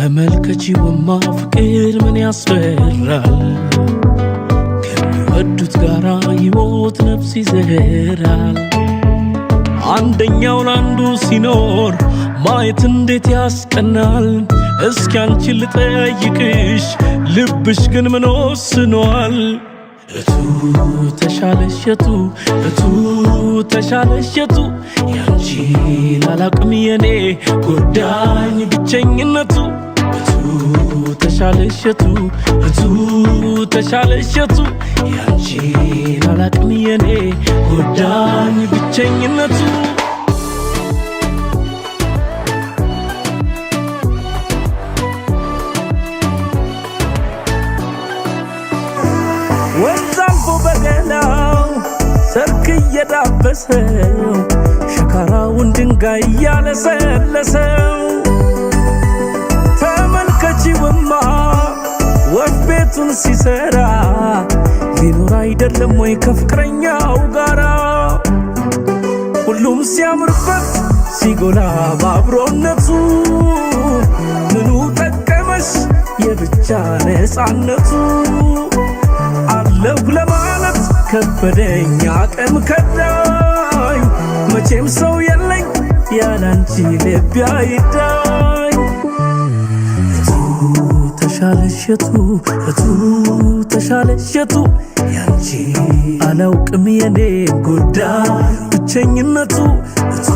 ተመልከቺውማ ፍቅር ምን ያስፈራል? ከሚወዱት ጋራ ይሞት ነፍስ ይዘራል። አንደኛው ለአንዱ ሲኖር ማየት እንዴት ያስቀናል። እስኪ አንቺን ልጠይቅሽ ልብሽ ግን ምን ወስኗል? እቱ ተሻለሸቱ እቱ የቱ ያንቺ ላላቅም የኔ ጎዳኝ ብቸኝነቱ ተሻለ እሸቱ እቱ ተሻለ እሸቱ ያንቺን አላቅም የኔ ጎዳኝ ብቸኝነቱ ወንዝ አልፎ በገናው ሰርክ እየዳበሰው ሸካራውን ድንጋይ እያለሰለሰው ኃጢአትን ሲሰራ ሊኖር አይደለም ወይ ከፍቅረኛው ጋራ ሁሉም ሲያምርበት ሲጎላ ባብሮነቱ ምኑ ጠቀመሽ የብቻ ነፃነቱ አለሁ ለማለት ከበደኝ አቅም ከዳኝ መቼም ሰው የለኝ ያላንቺ ልቤ አይዳኝ ተሻለሸቱ እቱ ተሻለሸቱ ያንቺ አላውቅም የኔ ጎዳ ብቸኝነቱ እቱ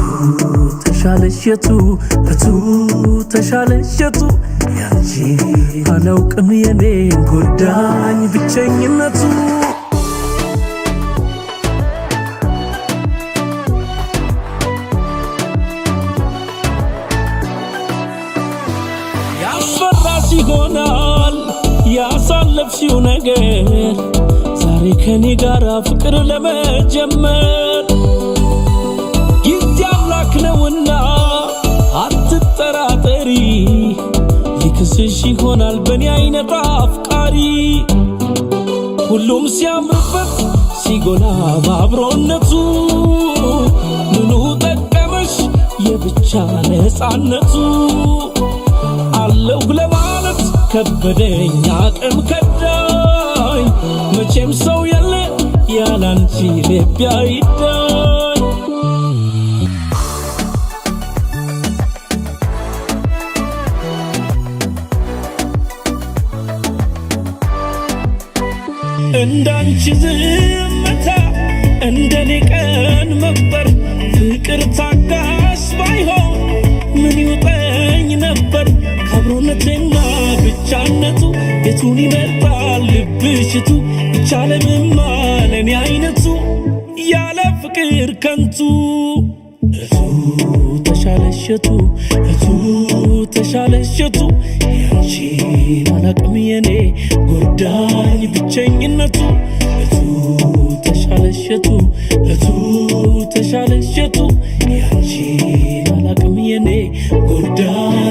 ተሻለሸቱ እቱ ተሻለሸቱ ያንቺ አላውቅም የኔ ጎዳኝ ብቸኝነቱ ይሆናል ያሳለፍሽው ነገር ዛሬ ከኔ ጋራ ፍቅር ለመጀመር ጊዜ አምላክ ነውና አትጠራጠሪ። ሊክስሽ ይሆናል በእኔ አይነት አፍቃሪ። ሁሉም ሲያምርበት ሲጎላ በአብሮነቱ ምኑ ጠቀመሽ የብቻ ነፃነቱ አለሁ ለማ ከበደኝ አቅም ከዳኝ መቼም ሰው ያለ ያላንቺ ልቤ አይዳኝ እንዳንቺ ዝምታ እንደኔ ቀን መበር ፍቅርታ እሱን ይመርጣል ልብሽቱ ብቻ አይነቱ ያለ ፍቅር ከንቱ እቱ ተሻለሸቱ እቱ ተሻለሸቱ ያንቺን አላቅም የኔ ጎዳኝ ብቸኝነቱ እቱ ተሻለሸቱ እቱ ተሻለሸቱ ያንቺን አላቅም የኔ ጎዳኝ